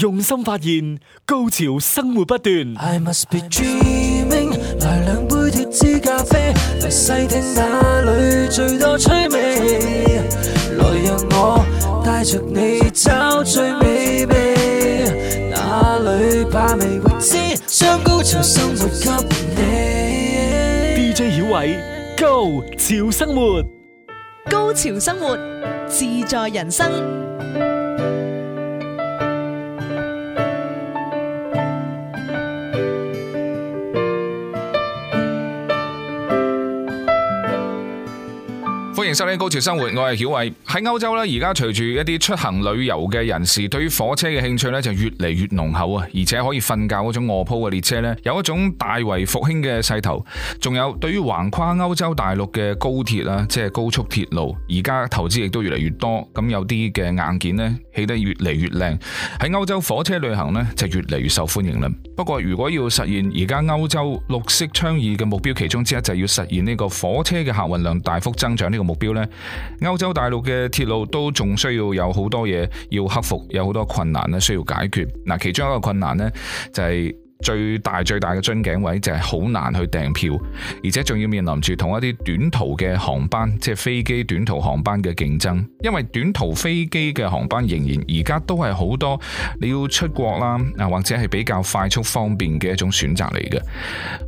用心發現高潮生活不斷。來兩杯脫脂咖啡，來細聽哪裡最多趣味。來讓我帶着你找最美味，哪裡把味知？將高潮生活給你。DJ 曉偉，高潮生活，高潮生活自在人生。收聽高潮生活，我係曉慧。喺歐洲咧。而家隨住一啲出行旅遊嘅人士，對於火車嘅興趣咧就越嚟越濃厚啊！而且可以瞓覺嗰種臥鋪嘅列車咧，有一種大為復興嘅勢頭。仲有對於橫跨歐洲大陸嘅高鐵啦，即係高速鐵路，而家投資亦都越嚟越多。咁有啲嘅硬件咧，起得越嚟越靚。喺歐洲火車旅行咧，就越嚟越受歡迎啦。不過如果要實現而家歐洲綠色倡議嘅目標，其中之一就要實現呢個火車嘅客運量大幅增長呢個目標。標呢，歐洲大陸嘅鐵路都仲需要有好多嘢，要克服，有好多困難呢需要解決。嗱，其中一個困難呢，就係、是。最大最大嘅樽頸位就係好難去訂票，而且仲要面臨住同一啲短途嘅航班，即係飛機短途航班嘅競爭，因為短途飛機嘅航班仍然而家都係好多你要出國啦，啊或者係比較快速方便嘅一種選擇嚟嘅，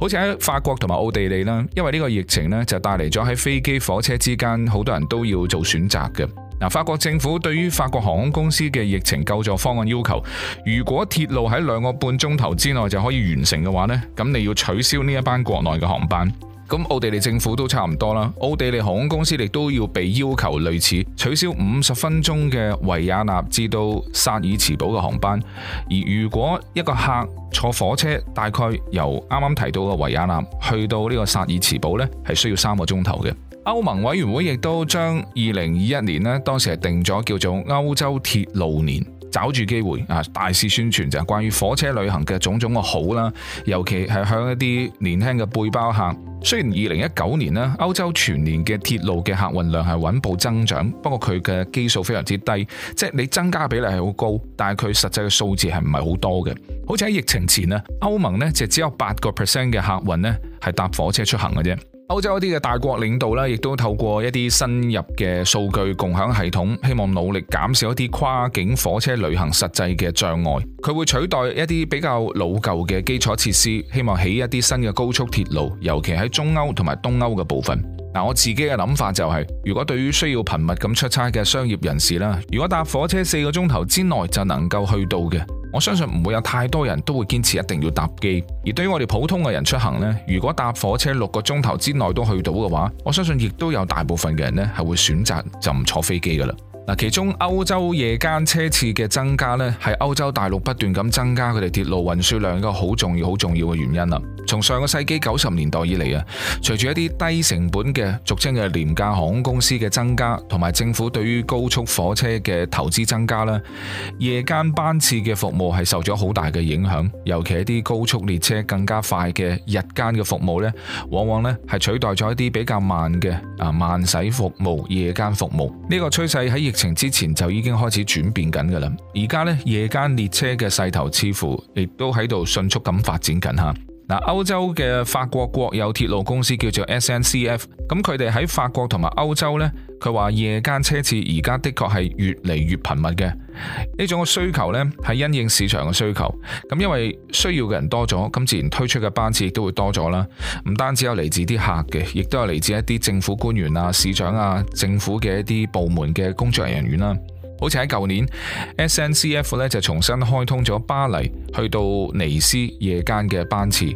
好似喺法國同埋奧地利啦，因為呢個疫情呢，就帶嚟咗喺飛機火車之間好多人都要做選擇嘅。法國政府對於法國航空公司嘅疫情救助方案要求，如果鐵路喺兩個半鐘頭之內就可以完成嘅話呢，咁你要取消呢一班國內嘅航班。咁、嗯、奧地利政府都差唔多啦，奧地利航空公司亦都要被要求類似取消五十分鐘嘅維也納至到薩爾茨堡嘅航班。而如果一個客坐火車，大概由啱啱提到嘅維也納去到呢個薩爾茨堡，呢係需要三個鐘頭嘅。歐盟委員會亦都將二零二一年咧，當時係定咗叫做歐洲鐵路年，找住機會啊，大肆宣傳就係關於火車旅行嘅種種嘅好啦，尤其係向一啲年輕嘅背包客。雖然二零一九年咧，歐洲全年嘅鐵路嘅客運量係穩步增長，不過佢嘅基數非常之低，即係你增加嘅比例係好高，但係佢實際嘅數字係唔係好多嘅。好似喺疫情前咧，歐盟咧就只有八個 percent 嘅客運咧係搭火車出行嘅啫。歐洲一啲嘅大國領導呢，亦都透過一啲深入嘅數據共享系統，希望努力減少一啲跨境火車旅行實際嘅障礙。佢會取代一啲比較老舊嘅基礎設施，希望起一啲新嘅高速鐵路，尤其喺中歐同埋東歐嘅部分。嗱，我自己嘅諗法就係，如果對於需要頻密咁出差嘅商業人士啦，如果搭火車四個鐘頭之內就能夠去到嘅。我相信唔會有太多人都會堅持一定要搭機，而對於我哋普通嘅人出行呢，如果搭火車六個鐘頭之內都去到嘅話，我相信亦都有大部分嘅人呢係會選擇就唔坐飛機㗎喇。嗱，其中歐洲夜間車次嘅增加咧，係歐洲大陸不斷咁增加佢哋鐵路運輸量一個好重要、好重要嘅原因啦。從上個世紀九十年代以嚟啊，隨住一啲低成本嘅俗稱嘅廉價航空公司嘅增加，同埋政府對於高速火車嘅投資增加啦，夜間班次嘅服務係受咗好大嘅影響，尤其一啲高速列車更加快嘅日間嘅服務咧，往往咧係取代咗一啲比較慢嘅啊慢駛服務夜間服務呢、這個趨勢。喺。疫情之前就已經開始轉變緊噶啦，而家呢，夜間列車嘅勢頭似乎亦都喺度迅速咁發展緊吓。嗱，歐洲嘅法國國有鐵路公司叫做 SNCF，咁佢哋喺法國同埋歐洲呢，佢話夜間車次而家的確係越嚟越頻密嘅。呢種嘅需求呢係因應市場嘅需求。咁因為需要嘅人多咗，咁自然推出嘅班次亦都會多咗啦。唔單止有嚟自啲客嘅，亦都有嚟自一啲政府官員啊、市長啊、政府嘅一啲部門嘅工作人員啦。好似喺舊年，SNCF 咧就重新開通咗巴黎去到尼斯夜間嘅班次，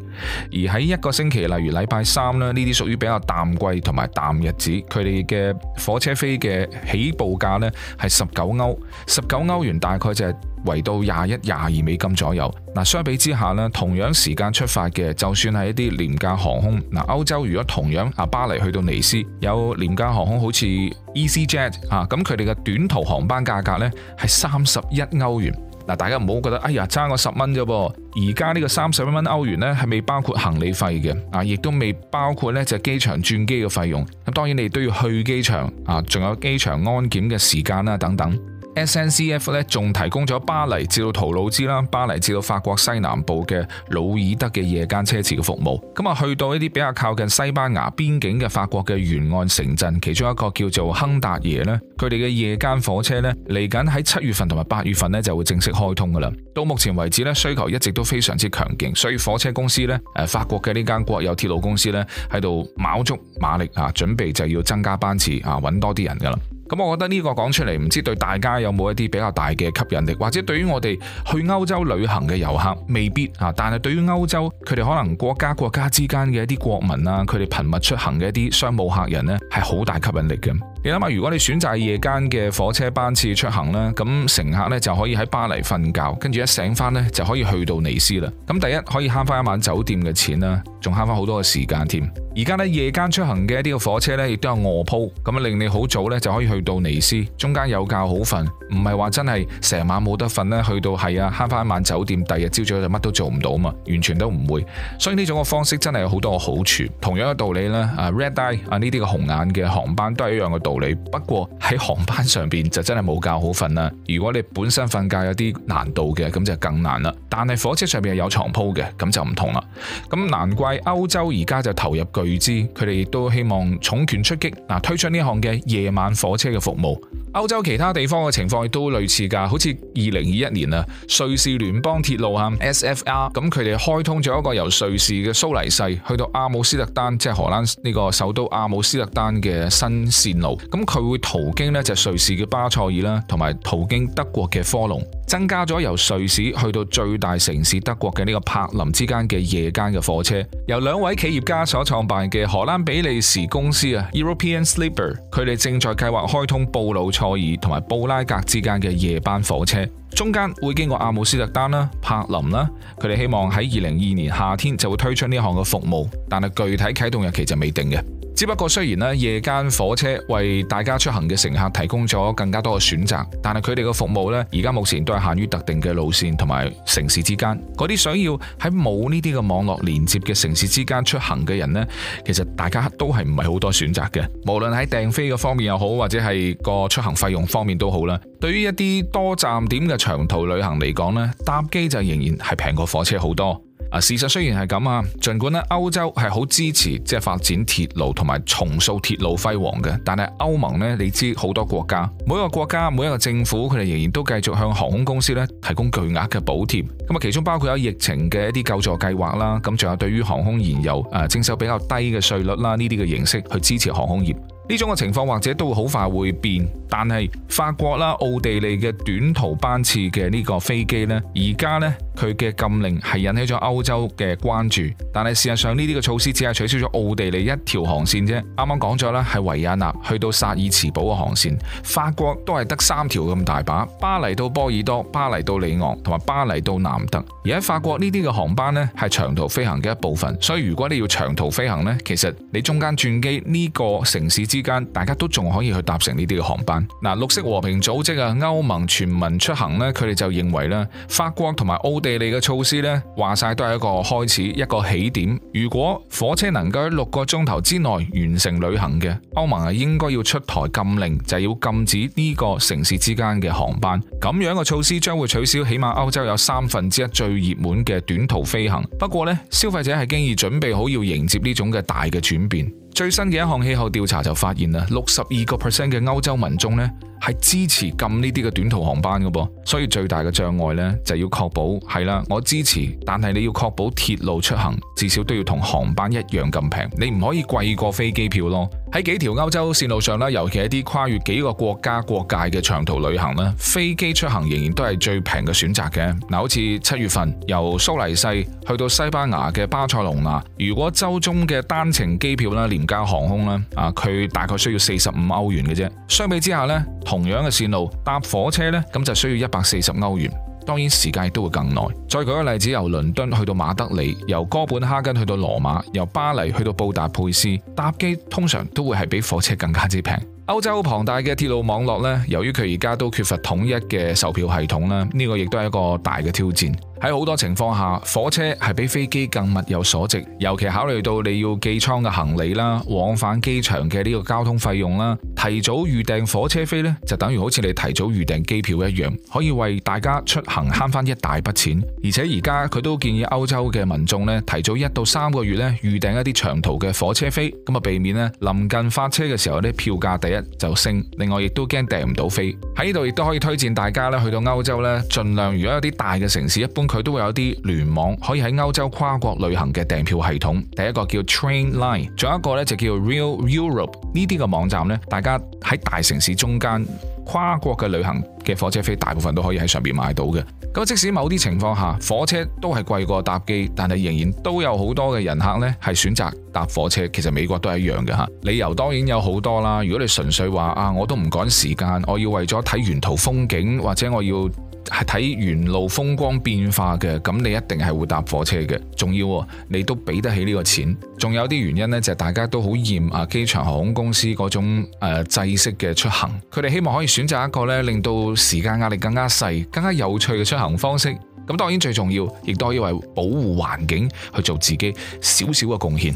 而喺一個星期，例如禮拜三啦，呢啲屬於比較淡季同埋淡日子，佢哋嘅火車飛嘅起步價呢，係十九歐，十九歐元大概就係。圍到廿一、廿二美金左右。嗱，相比之下咧，同樣時間出發嘅，就算係一啲廉價航空，嗱，歐洲如果同樣啊巴黎去到尼斯，有廉價航空好似 EasyJet 啊，咁佢哋嘅短途航班價格咧係三十一歐元。嗱，大家唔好覺得哎呀，爭我十蚊啫噃。而家呢個三十蚊歐元咧係未包括行李費嘅，啊，亦都未包括呢就機場轉機嘅費用。咁當然你都要去機場啊，仲有機場安檢嘅時間啦，等等。SNCF 咧仲提供咗巴黎至到圖魯茲啦，巴黎至到法國西南部嘅魯爾德嘅夜間車次嘅服務。咁啊，去到一啲比較靠近西班牙邊境嘅法國嘅沿岸城鎮，其中一個叫做亨達耶呢，佢哋嘅夜間火車呢，嚟緊喺七月份同埋八月份呢就會正式開通噶啦。到目前為止呢，需求一直都非常之強勁，所以火車公司呢，誒法國嘅呢間國有鐵路公司呢，喺度卯足馬力啊，準備就要增加班次啊，揾多啲人噶啦。咁我覺得呢個講出嚟，唔知對大家有冇一啲比較大嘅吸引力，或者對於我哋去歐洲旅行嘅遊客未必啊，但係對於歐洲，佢哋可能國家國家之間嘅一啲國民啊，佢哋頻密出行嘅一啲商務客人呢，係好大吸引力嘅。你諗下，如果你選擇夜間嘅火車班次出行啦，咁乘客呢就可以喺巴黎瞓覺，跟住一醒翻呢就可以去到尼斯啦。咁第一可以慳翻一晚酒店嘅錢啦，仲慳翻好多嘅時間添。而家呢，夜間出行嘅一啲嘅火車呢亦都有卧鋪，咁啊令你好早呢就可以去到尼斯，中間有覺好瞓，唔係話真係成晚冇得瞓呢，去到係啊慳翻一晚酒店，第二日朝早就乜都做唔到啊嘛，完全都唔會。所以呢種嘅方式真係有好多嘅好處。同樣嘅道理呢，啊 Red Eye 啊呢啲嘅紅眼嘅航班都係一樣嘅。道理不過喺航班上邊就真係冇覺好瞓啦。如果你本身瞓覺有啲難度嘅，咁就更難啦。但係火車上邊係有床鋪嘅，咁就唔同啦。咁難怪歐洲而家就投入巨資，佢哋亦都希望重拳出擊，嗱，推出呢項嘅夜晚火車嘅服務。歐洲其他地方嘅情況亦都類似噶，好似二零二一年啦，瑞士聯邦鐵路啊 （SFR） 咁，佢哋開通咗一個由瑞士嘅蘇黎世去到阿姆斯特丹，即係荷蘭呢個首都阿姆斯特丹嘅新綫路。咁佢會途經呢就瑞士嘅巴塞爾啦，同埋途經德國嘅科隆，增加咗由瑞士去到最大城市德國嘅呢個柏林之間嘅夜間嘅火車。由兩位企業家所創辦嘅荷蘭比利時公司啊，European Sleeper，佢哋正在計劃開通布魯塞爾同埋布拉格之間嘅夜班火車，中間會經過阿姆斯特丹啦、柏林啦。佢哋希望喺二零二二年夏天就會推出呢項嘅服務，但係具體啟動日期就未定嘅。只不過雖然呢，夜間火車為大家出行嘅乘客提供咗更加多嘅選擇，但係佢哋嘅服務呢，而家目前都係限於特定嘅路綫同埋城市之間。嗰啲想要喺冇呢啲嘅網絡連接嘅城市之間出行嘅人呢，其實大家都係唔係好多選擇嘅。無論喺訂飛嘅方面又好，或者係個出行費用方面都好啦。對於一啲多站點嘅長途旅行嚟講呢，搭機就仍然係平過火車好多。啊，事實雖然係咁啊，儘管咧歐洲係好支持即係發展鐵路同埋重塑鐵路輝煌嘅，但係歐盟呢，你知好多國家，每一個國家每一個政府佢哋仍然都繼續向航空公司咧提供巨額嘅補貼，咁啊其中包括有疫情嘅一啲救助計劃啦，咁仲有對於航空燃油誒徵收比較低嘅稅率啦呢啲嘅形式去支持航空業呢種嘅情況，或者都會好快會變。但係法國啦、奧地利嘅短途班次嘅呢個飛機呢，而家呢。佢嘅禁令係引起咗歐洲嘅關注，但係事實上呢啲嘅措施只係取消咗奧地利一條航線啫。啱啱講咗啦，係維也納去到薩爾茨堡嘅航線。法國都係得三條咁大把，巴黎到波爾多、巴黎到里昂同埋巴黎到南特。而喺法國呢啲嘅航班呢，係長途飛行嘅一部分，所以如果你要長途飛行呢，其實你中間轉機呢個城市之間，大家都仲可以去搭乘呢啲嘅航班。嗱，綠色和平組織啊、歐盟全民出行呢，佢哋就認為呢，法國同埋奧地。嘅利嘅措施呢，話晒都係一個開始，一個起點。如果火車能夠喺六個鐘頭之內完成旅行嘅，歐盟係應該要出台禁令，就係要禁止呢個城市之間嘅航班。咁樣嘅措施將會取消起碼歐洲有三分之一最熱門嘅短途飛行。不過呢，消費者係經已準備好要迎接呢種嘅大嘅轉變。最新嘅一項氣候調查就發現啦，六十二個 percent 嘅歐洲民眾呢，係支持禁呢啲嘅短途航班噶噃，所以最大嘅障礙呢，就要確保係啦，我支持，但係你要確保鐵路出行至少都要同航班一樣咁平，你唔可以貴過飛機票咯。喺幾條歐洲線路上呢，尤其一啲跨越幾個國家國界嘅長途旅行呢，飛機出行仍然都係最平嘅選擇嘅。嗱，好似七月份由蘇黎世去到西班牙嘅巴塞隆拿，如果周中嘅單程機票呢，廉價航空呢，啊，佢大概需要四十五歐元嘅啫。相比之下呢。同樣嘅線路搭火車呢，咁就需要一百四十歐元，當然時間都會更耐。再舉個例子，由倫敦去到馬德里，由哥本哈根去到羅馬，由巴黎去到布達佩斯，搭機通常都會係比火車更加之平。歐洲龐大嘅鐵路網絡呢，由於佢而家都缺乏統一嘅售票系統啦，呢個亦都係一個大嘅挑戰。喺好多情況下，火車係比飛機更物有所值，尤其考慮到你要寄倉嘅行李啦、往返機場嘅呢個交通費用啦。提早預訂火車飛呢，就等於好似你提早預訂機票一樣，可以為大家出行慳翻一大筆錢。而且而家佢都建議歐洲嘅民眾呢，提早一到三個月呢預訂一啲長途嘅火車飛，咁啊避免呢臨近發車嘅時候呢票價第一。就升，另外亦都驚訂唔到飛。喺呢度亦都可以推薦大家咧，去到歐洲呢，盡量如果有啲大嘅城市，一般佢都會有啲聯網，可以喺歐洲跨國旅行嘅訂票系統。第一個叫 Trainline，仲有一個呢就叫 Real Europe。呢啲嘅網站呢，大家喺大城市中間跨國嘅旅行。嘅火車飛大部分都可以喺上面買到嘅，咁即使某啲情況下火車都係貴過搭機，但係仍然都有好多嘅人客呢係選擇搭火車。其實美國都係一樣嘅，吓，理由當然有好多啦。如果你純粹話啊，我都唔趕時間，我要為咗睇沿途風景，或者我要係睇沿路風光變化嘅，咁你一定係會搭火車嘅。仲要、喎，你都俾得起呢個錢。仲有啲原因呢，就係、是、大家都好厭啊，機場航空公司嗰種誒、呃、制式嘅出行。佢哋希望可以選擇一個呢，令到時間壓力更加細、更加有趣嘅出行方式。咁當然最重要，亦都可以為保護環境去做自己少少嘅貢獻。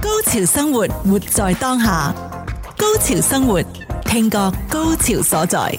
高潮生活，活在當下。高潮生活，聽覺高潮所在。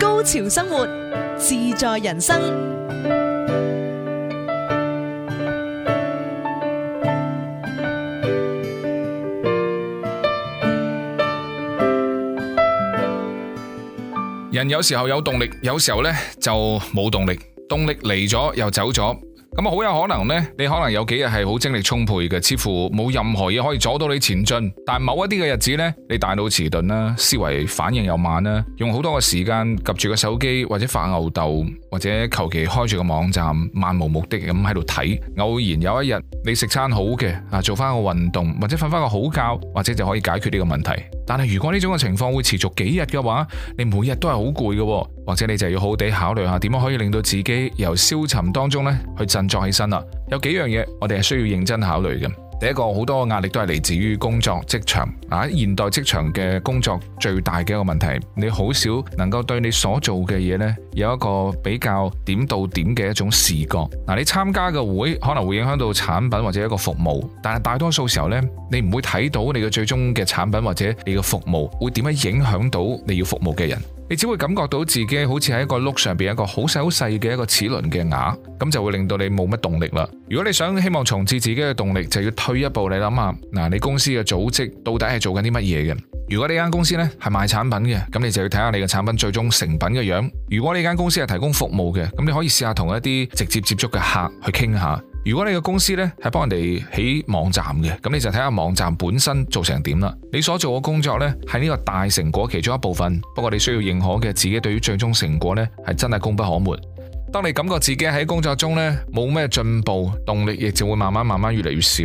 高潮生活，自在人生。人有時候有動力，有時候呢就冇動力。動力嚟咗又走咗。咁好有可能呢，你可能有幾日係好精力充沛嘅，似乎冇任何嘢可以阻到你前進。但某一啲嘅日子呢，你大腦遲鈍啦，思維反應又慢啦，用好多嘅時間 𥁸 住個手機，或者發吽逗，或者求其開住個網站，漫無目的咁喺度睇。偶然有一日，你食餐好嘅啊，做翻個運動，或者瞓翻個好覺，或者就可以解決呢個問題。但係如果呢種嘅情況會持續幾日嘅話，你每日都係好攰嘅，或者你就要好好地考慮下點樣可以令到自己由消沉當中咧去振作起身啦。有幾樣嘢我哋係需要認真考慮嘅。第一個，好多壓力都係嚟自於工作職場啊！現代職場嘅工作最大嘅一個問題，你好少能夠對你所做嘅嘢，呢有一個比較點到點嘅一種視覺。嗱、啊，你參加嘅會可能會影響到產品或者一個服務，但係大多數時候呢，你唔會睇到你嘅最終嘅產品或者你嘅服務會點樣影響到你要服務嘅人。你只會感覺到自己好似喺一個碌上邊一個好細好細嘅一個齒輪嘅牙，咁就會令到你冇乜動力啦。如果你想希望重置自己嘅動力，就要退一步，你諗下，嗱，你公司嘅組織到底係做緊啲乜嘢嘅？如果呢間公司咧係賣產品嘅，咁你就要睇下你嘅產品最終成品嘅樣；如果呢間公司係提供服務嘅，咁你可以試下同一啲直接接觸嘅客去傾下。如果你嘅公司呢係幫人哋起網站嘅，咁你就睇下網站本身做成點啦。你所做嘅工作呢係呢個大成果其中一部分，不過你需要認可嘅自己對於最終成果呢係真係功不可沒。當你感覺自己喺工作中呢冇咩進步，動力亦就會慢慢慢慢越嚟越少。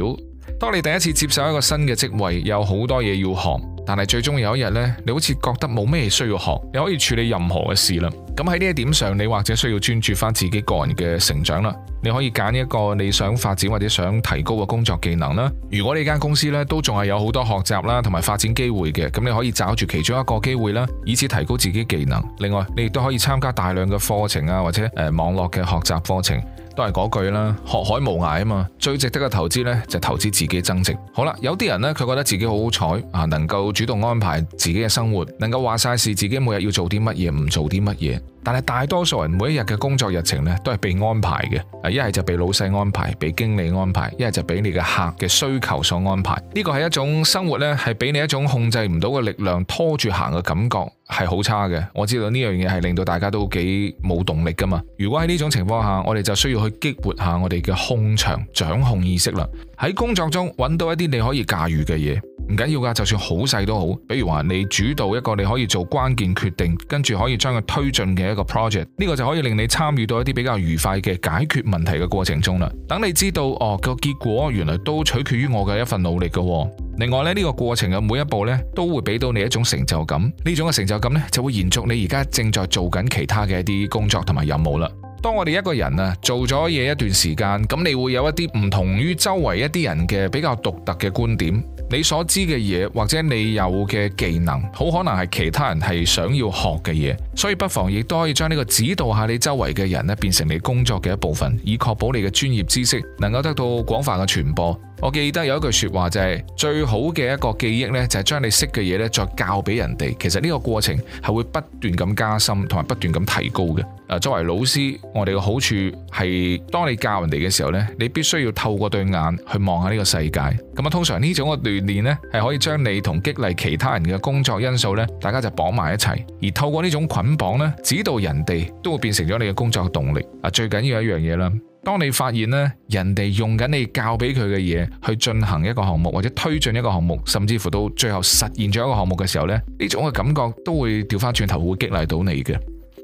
當你第一次接受一個新嘅職位，有好多嘢要學，但係最終有一日呢，你好似覺得冇咩需要學，你可以處理任何嘅事啦。咁喺呢一點上，你或者需要專注翻自己個人嘅成長啦。你可以揀一個你想發展或者想提高嘅工作技能啦。如果你間公司呢都仲係有好多學習啦同埋發展機會嘅，咁你可以找住其中一個機會啦，以此提高自己技能。另外，你亦都可以參加大量嘅課程啊，或者誒網絡嘅學習課程，都係嗰句啦，學海無涯啊嘛。最值得嘅投資呢就投資自己增值。好啦，有啲人呢，佢覺得自己好好彩啊，能夠主動安排自己嘅生活，能夠話晒事自己每日要做啲乜嘢唔做啲乜嘢。但係大多數人每一日嘅工作日程咧，都係被安排嘅，啊一係就被老細安排，被經理安排，一係就俾你嘅客嘅需求所安排。呢個係一種生活呢，係俾你一種控制唔到嘅力量拖住行嘅感覺，係好差嘅。我知道呢樣嘢係令到大家都幾冇動力噶嘛。如果喺呢種情況下，我哋就需要去激活下我哋嘅控場掌控意識啦。喺工作中揾到一啲你可以駕馭嘅嘢。唔緊要噶，就算好細都好，比如話你主導一個你可以做關鍵決定，跟住可以將佢推進嘅一個 project，呢個就可以令你參與到一啲比較愉快嘅解決問題嘅過程中啦。等你知道哦個結果原來都取決於我嘅一份努力噶哦。另外咧，呢個過程嘅每一步呢，都會俾到你一種成就感，呢種嘅成就感呢，就會延續你而家正在做緊其他嘅一啲工作同埋任務啦。當我哋一個人啊做咗嘢一段時間，咁你會有一啲唔同於周圍一啲人嘅比較獨特嘅觀點。你所知嘅嘢，或者你有嘅技能，好可能係其他人係想要學嘅嘢，所以不妨亦都可以將呢個指導下你周圍嘅人咧，變成你工作嘅一部分，以確保你嘅專業知識能夠得到廣泛嘅傳播。我記得有一句說話就係最好嘅一個記憶呢，就係將你識嘅嘢呢，再教俾人哋。其實呢個過程係會不斷咁加深，同埋不斷咁提高嘅。作為老師，我哋嘅好處係當你教人哋嘅時候呢，你必須要透過對眼去望下呢個世界。咁啊，通常呢種嘅鍛煉呢，係可以將你同激勵其他人嘅工作因素呢，大家就綁埋一齊。而透過呢種捆綁呢，指導人哋都會變成咗你嘅工作動力。啊，最緊要一樣嘢啦。當你發現咧，人哋用緊你教俾佢嘅嘢去進行一個項目，或者推進一個項目，甚至乎到最後實現咗一個項目嘅時候咧，呢種嘅感覺都會掉翻轉頭，會激勵到你嘅。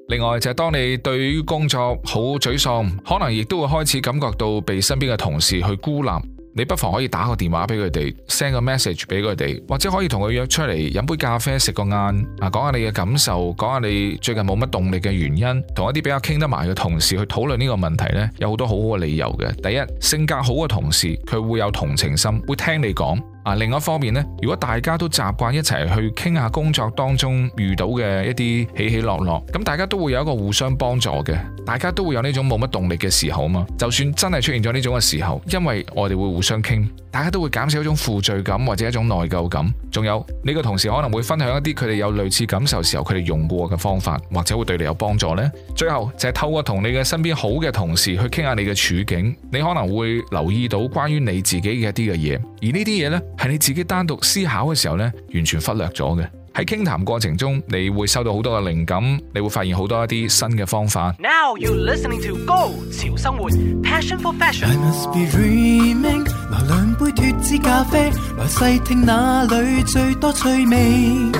另外就係當你對於工作好沮喪，可能亦都會開始感覺到被身邊嘅同事去孤立。你不妨可以打個電話俾佢哋，send 個 message 俾佢哋，或者可以同佢約出嚟飲杯咖啡，食個晏，啊講下你嘅感受，講下你最近冇乜動力嘅原因，同一啲比較傾得埋嘅同事去討論呢個問題呢，有好多好好嘅理由嘅。第一，性格好嘅同事，佢會有同情心，會聽你講。啊，另外一方面咧，如果大家都習慣一齊去傾下工作當中遇到嘅一啲起起落落，咁大家都會有一個互相幫助嘅，大家都會有呢種冇乜動力嘅時候嘛。就算真係出現咗呢種嘅時候，因為我哋會互相傾，大家都會減少一種負罪感或者一種內疚感。仲有，你個同事可能會分享一啲佢哋有類似感受時候佢哋用過嘅方法，或者會對你有幫助呢。最後就係透過同你嘅身邊好嘅同事去傾下你嘅處境，你可能會留意到關於你自己嘅一啲嘅嘢，而呢啲嘢呢。係你自己單獨思考嘅時候咧，完全忽略咗嘅。喺傾談過程中，你會收到好多嘅靈感，你會發現好多一啲新嘅方法。Now you're listening to 高潮生活，passion for fashion。I must be dreaming。來兩杯脫脂咖啡，來細聽那裏最多趣味，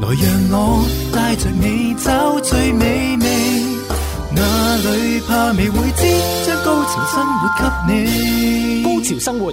來讓我帶着你找最美味，哪裏怕未會知，將高潮生活給你。高潮生活。